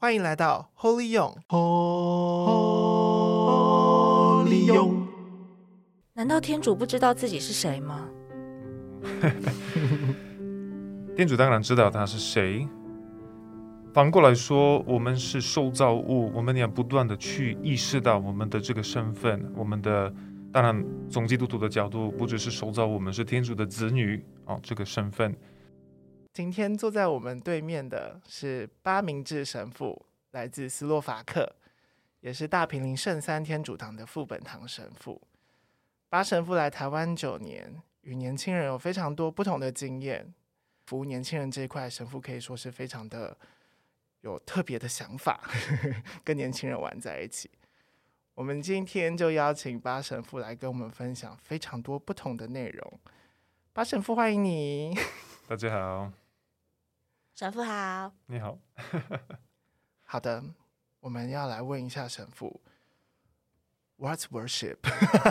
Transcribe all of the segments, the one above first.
歡迎來到 Holy 勇。Holy 勇，難道天主不知道自己是誰嗎？ 天主當然知道他是誰。反過來說，我們是受造物，我們要不斷的去意識到我們的這個身份。我們的，當然從基督徒的角度，不只是受造物，我們是天主的子女哦，這個身份。今天坐在我們對面的是巴明志神父，來自斯洛伐克，也是大平林聖三天主堂的副本堂神父。巴神父來台灣九年，與年輕人有非常多不同的經驗。服務年輕人這一塊，神父可以說是非常的有特別的想法， 跟年輕人玩在一起。我們今天就邀請巴神父來跟我們分享非常多不同的內容。巴神父，歡迎你。大家好。神父好，你好。 好的，我們要來問一下神父，What's worship？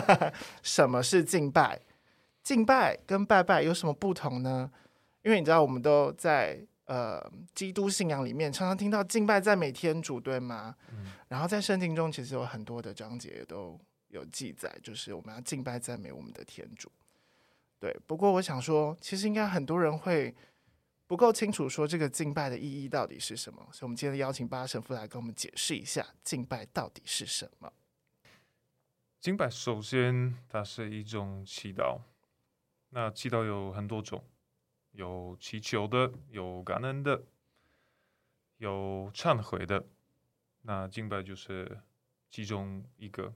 什麼是敬拜？敬拜跟拜拜有什麼不同呢？因為你知道，我們都在呃基督信仰裡面常常聽到敬拜讚美天主，對嗎？嗯。然後在聖經中，其實有很多的章節都有記載，就是我們要敬拜讚美我們的天主。對。不過我想說，其實應該很多人會。不夠清楚，說這個敬拜的意義到底是什麼？所以我們今天邀請巴神父來跟我們解釋一下，敬拜到底是什麼？敬拜首先它是一種祈禱，那祈禱有很多種，有祈求的，有感恩的，有懺悔的，那敬拜就是其中一個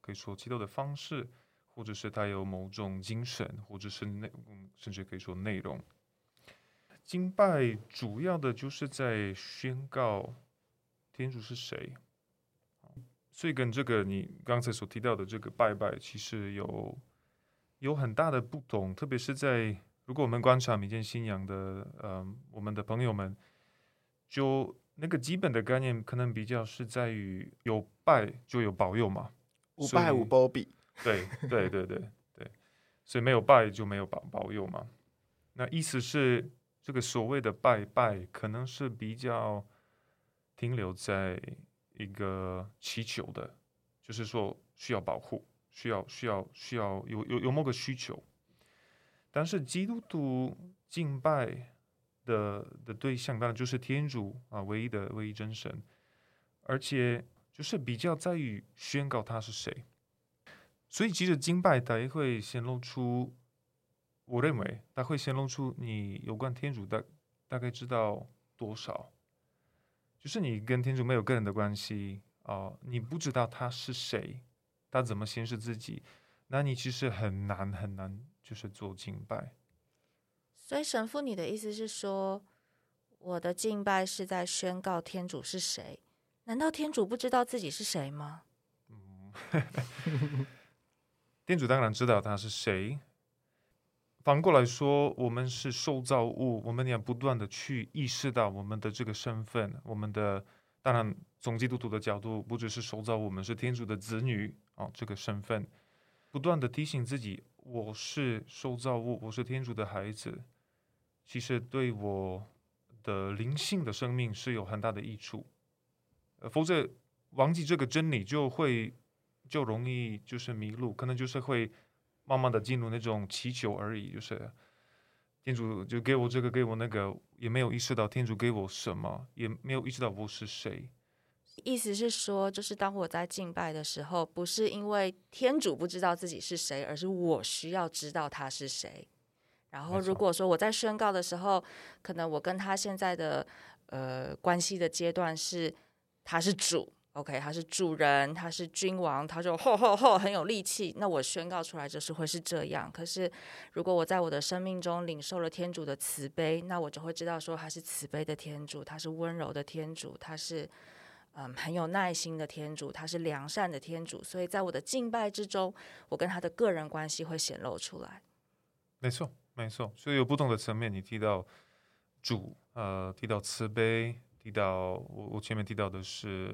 可以說祈禱的方式，或者是帶有某種精神，或者是內，甚至可以說內容。敬拜主要的就是在宣告天主是誰，所以跟這個你剛才所提到的這個拜拜其實有有很大的不同，特別是在如果我們觀察民間信仰的，嗯、呃，我們的朋友們，就那個基本的概念可能比較是在於有拜就有保佑嘛，無拜無保庇。對對對對 對，所以沒有拜就沒有保保佑嘛，那意思是。這個所謂的拜拜，可能是比較停留在一個祈求的，就是說需要保護，需要需要需要有有有某個需求。但是基督徒敬拜的的對象當然就是天主啊，唯一的唯一真神，而且就是比較在於宣告他是誰。所以其實敬拜才會顯露出。我認為他會先露出你有關天主的大概知道多少，就是你跟天主沒有個人的關係哦，你不知道他是誰，他怎麼顯示自己，那你其實很難很難，就是做敬拜。所以神父，你的意思是說，我的敬拜是在宣告天主是誰？難道天主不知道自己是誰嗎？嗯，天主當然知道他是誰。反過來說，我們是受造物，我們也要不斷的去意識到我們的這個身份。我們的當然，從基督徒的角度，不只是受造物，我們是天主的子女哦，這個身份，不斷的提醒自己，我是受造物，我是天主的孩子。其實對我的靈性的生命是有很大的益處。否則忘記這個真理，就會就容易就是迷路，可能就是會。慢慢地進入那種祈求而已，就是天主就給我這個給我那個，也沒有意識到天主給我什麼，也沒有意識到我是誰。意思是說，就是當我在敬拜的時候，不是因為天主不知道自己是誰，而是我需要知道他是誰。然後如果說我在宣告的時候，可能我跟他現在的呃關係的階段是他是主。OK，他是主人，他是君王，他就吼吼吼，很有力氣。那我宣告出來就是會是這樣。可是，如果我在我的生命中領受了天主的慈悲，那我就會知道說他是慈悲的天主，他是溫柔的天主，他是嗯很有耐心的天主，他是良善的天主。所以在我的敬拜之中，我跟他的個人關係會顯露出來。沒錯，沒錯。所以有不同的層面，你提到主，呃，提到慈悲，提到我我前面提到的是。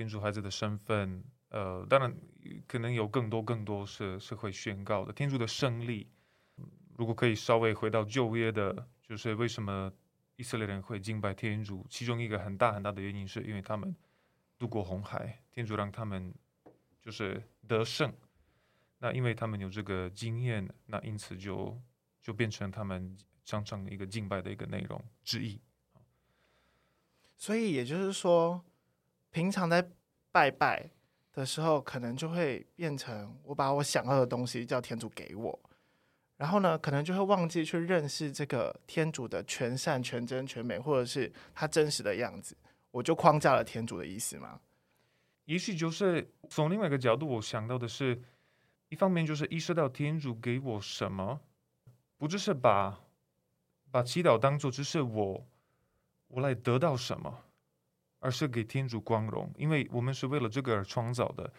天主孩子的身份，呃，當然可能有更多更多是是會宣告的天主的勝利。如果可以稍微回到舊約的，就是為什麼以色列人會敬拜天主？其中一個很大很大的原因，是因為他們渡過紅海，天主讓他們就是得勝。那因為他們有這個經驗，那因此就就變成他們常常一個敬拜的一個內容之一。所以也就是說。平常在拜拜的時候，可能就會變成我把我想要的東西叫天主給我，然後呢，可能就會忘記去認識這個天主的全善、全真、全美，或者是他真實的樣子。我就框架了天主的意思嘛，也許就是從另外一個角度，我想到的是一方面就是意識到天主給我什麼，不就是把把祈禱當做就是我我來得到什麼。而是給天主光榮，因為我們是為了這個而創造的。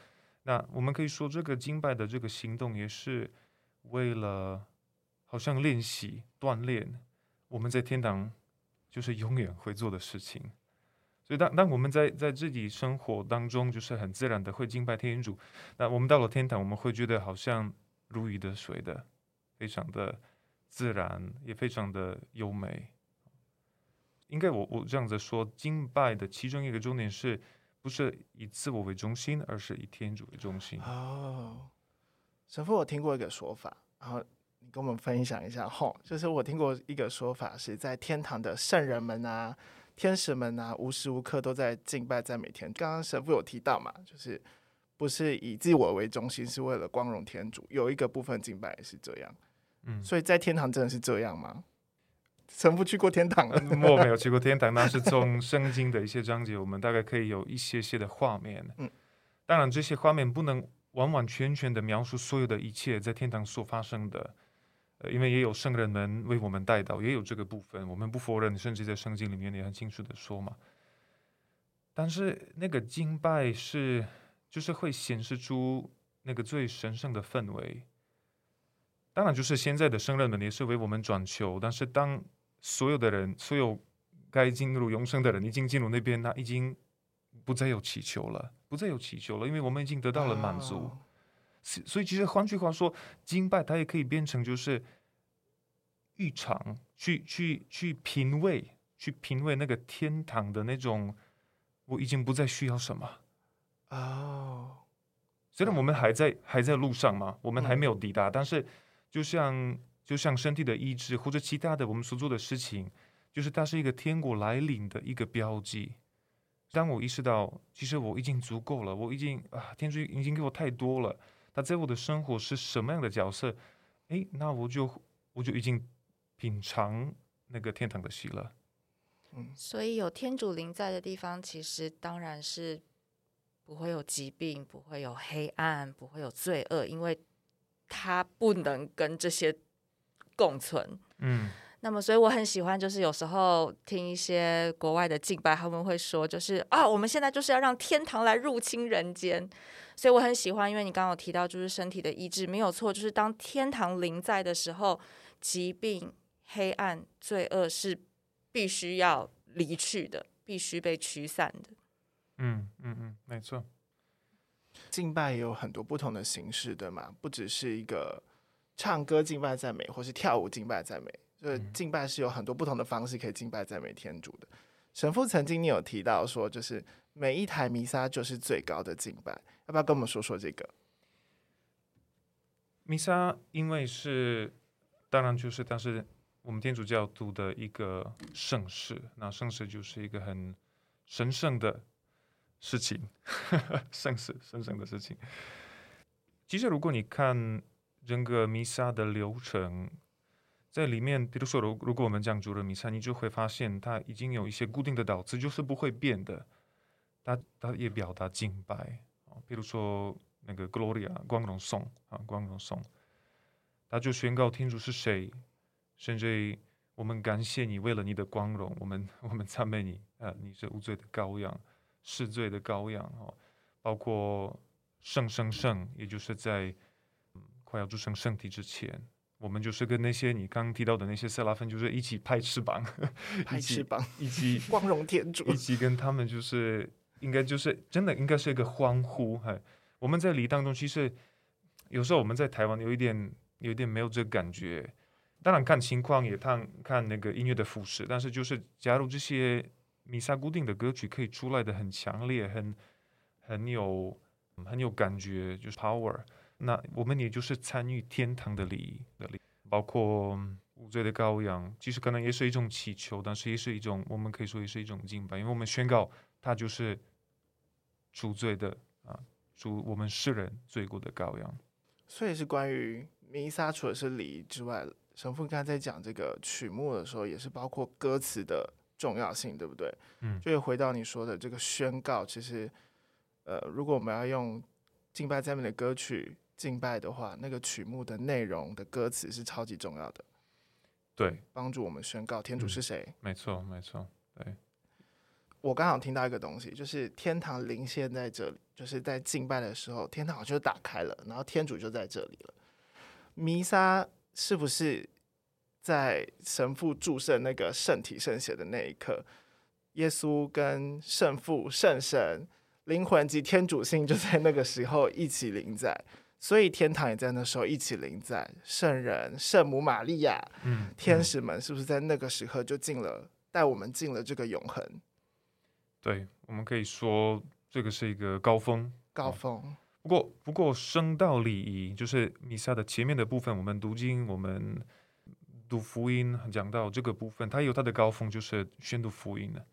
那我們可以說，這個敬拜的這個行動也是為了，好像練習鍛煉我們在天堂就是永遠會做的事情。所以當當我們在在自己生活當中，就是很自然的會敬拜天主。那我們到了天堂，我們會覺得好像如魚得水的，非常的自然，也非常的優美。應該我我這樣子說，敬拜的其中一個重點是，不是以自我為中心，而是以天主為中心。哦，神父，我聽過一個說法，然後你跟我們分享一下哈、哦，就是我聽過一個說法，是在天堂的聖人們啊、天使們啊，無時無刻都在敬拜，在每天。剛剛神父有提到嘛，就是不是以自我為中心，是為了光榮天主，有一個部分敬拜也是這樣。嗯，所以在天堂真的是這樣嗎？曾不去過天堂啊！我 沒有去過天堂，那是從聖經的一些章節， 我們大概可以有一些些的畫面。當然這些畫面不能完完全全的描述所有的一切在天堂所發生的。呃，因為也有聖人們為我們代禱，也有這個部分，我們不否認。甚至在聖經裡面也很清楚的說嘛。但是那個敬拜是，就是會顯示出那個最神聖的氛圍。當然，就是現在的聖人們也是為我們轉求，但是當。所有的人，所有該進入永生的人，已經進入那邊，那已經不再有祈求了，不再有祈求了，因為我們已經得到了滿足。哦、所以，其實換句話說，敬拜它也可以變成就是預嘗，去去去品味，去品味那個天堂的那種。我已經不再需要什麼啊、哦！雖然我們還在還在路上嘛，我們還沒有抵達，嗯、但是就像。就像身體的醫治，或者其他的我們所做的事情，就是它是一個天國來臨的一個標記，當我意識到，其實我已經足夠了，我已經啊，天主已經給我太多了。那在我的生活是什麼樣的角色？誒，那我就我就已經品嘗那個天堂的喜樂。嗯，所以有天主臨在的地方，其實當然是不會有疾病，不會有黑暗，不會有罪惡，因為他不能跟這些。共存，嗯，那麼所以我很喜歡，就是有時候聽一些國外的敬拜，他們會說，就是啊，我們現在就是要讓天堂來入侵人間，所以我很喜歡，因為你剛剛有提到，就是身體的醫治沒有錯，就是當天堂臨在的時候，疾病、黑暗、罪惡是必須要離去的，必須被驅散的。嗯嗯嗯，沒錯，敬拜也有很多不同的形式，對嗎？不只是一個。唱歌敬拜讚美，或是跳舞敬拜讚美，就是敬拜是有很多不同的方式可以敬拜讚美天主的。神父曾經你有提到說，就是每一台彌撒就是最高的敬拜，要不要跟我們說說這個？彌撒因為是，當然就是，當時我們天主教徒的一個聖事。那聖事就是一個很神聖的事情，聖事神聖的事情。其實如果你看。整個彌撒的流程在裡面，比如說，如、如果我們講主日彌撒，你就會發現它已經有一些固定的導詞，就是不會變的。他、他也表達敬拜啊，比如說那個 “gloria” 光榮頌啊，光榮頌，他就宣告天主是誰，甚至於我們感謝你，為了你的光榮，我們、我們讚美你啊，你是無罪的羔羊，世罪的羔羊哦，包括聖、聖、聖，也就是在。快要祝聖聖體之前，我們就是跟那些你剛剛提到的那些色拉芬，就是一起拍翅膀，拍翅膀， 一起 光榮天主，一起跟他們就是，應該就是真的應該是一個歡呼。哈，我們在禮當中其實有時候我們在台灣有一點有一點沒有這個感覺，當然看情況也看看那個音樂的服飾。但是就是加入這些彌撒固定的歌曲，可以出來的很強烈，很很有很有感覺，就是 power。那我們也就是參與天堂的禮儀的禮，包括無罪的羔羊，其實可能也是一種祈求，但是也是一種我們可以說也是一種敬拜，因為我們宣告他就是贖罪的啊，贖我們世人罪過的羔羊。所以是關於彌撒，除了是禮儀之外，神父剛才在講這個曲目的時候，也是包括歌詞的重要性，對不對？嗯，就是回到你說的這個宣告，其實呃，如果我們要用敬拜讚美的歌曲。敬拜的話，那個曲目的內容的歌詞是超級重要的。對，幫助我們宣告天主是誰。嗯。沒錯，沒錯。對，我剛好聽到一個東西，就是天堂臨現在這裡，就是在敬拜的時候，天堂好像就打開了，然後天主就在這裡了。彌撒是不是在神父祝聖那個聖體聖血的那一刻，耶穌跟聖父、聖神、靈魂及天主性就在那個時候一起臨在？所以天堂也在那時候一起臨在，聖人、聖母瑪利亞，嗯，嗯，天使們是不是在那個時刻就進了，帶我們進了這個永恆？對，我們可以說這個是一個高峰。高峰。嗯、不過，不過聖道禮儀就是彌撒的前面的部分，我們讀經，我們讀福音，講到這個部分，它有它的高峰，就是宣讀福音的。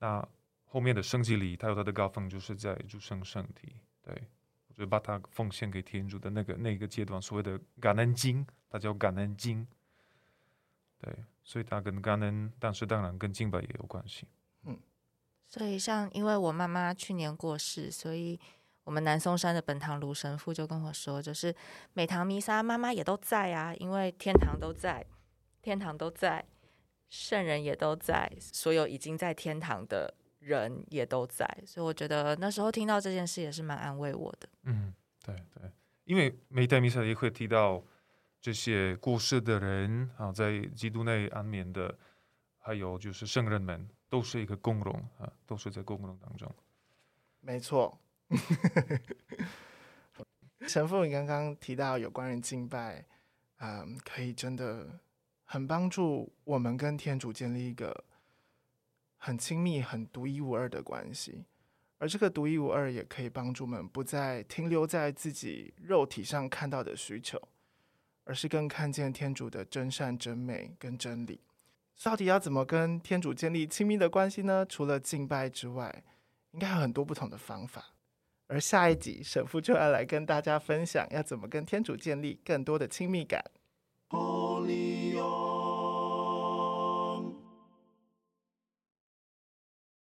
那後面的聖祭禮儀，它有它的高峰，就是在祝聖聖體。對。就把它奉獻給天主的那個那個階段，所謂的感恩經，它叫感恩經。對，所以它跟感恩，但是當然跟敬拜也有關係。嗯，所以像因為我媽媽去年過世，所以我們南松山的本堂盧神父就跟我說，就是每堂彌撒媽媽也都在啊，因為天堂都在，天堂都在，聖人也都在，所有已經在天堂的。人也都在，所以我覺得那時候聽到這件事也是蠻安慰我的。嗯，對對，因為每台彌撒也會提到這些過世的人啊，在基督內安眠的，還有就是聖人們，都是一個共融啊，都是在共融當中。沒錯。神 父你剛剛提到有關人敬拜，嗯，可以真的很幫助我們跟天主建立一個。很親密、很獨一無二的關係，而這個獨一無二也可以幫助我們不再停留在自己肉體上看到的需求，而是更看見天主的真善真美跟真理。所以到底要怎麼跟天主建立親密的關係呢？除了敬拜之外，應該有很多不同的方法。而下一集神父就要來跟大家分享，要怎麼跟天主建立更多的親密感。Holy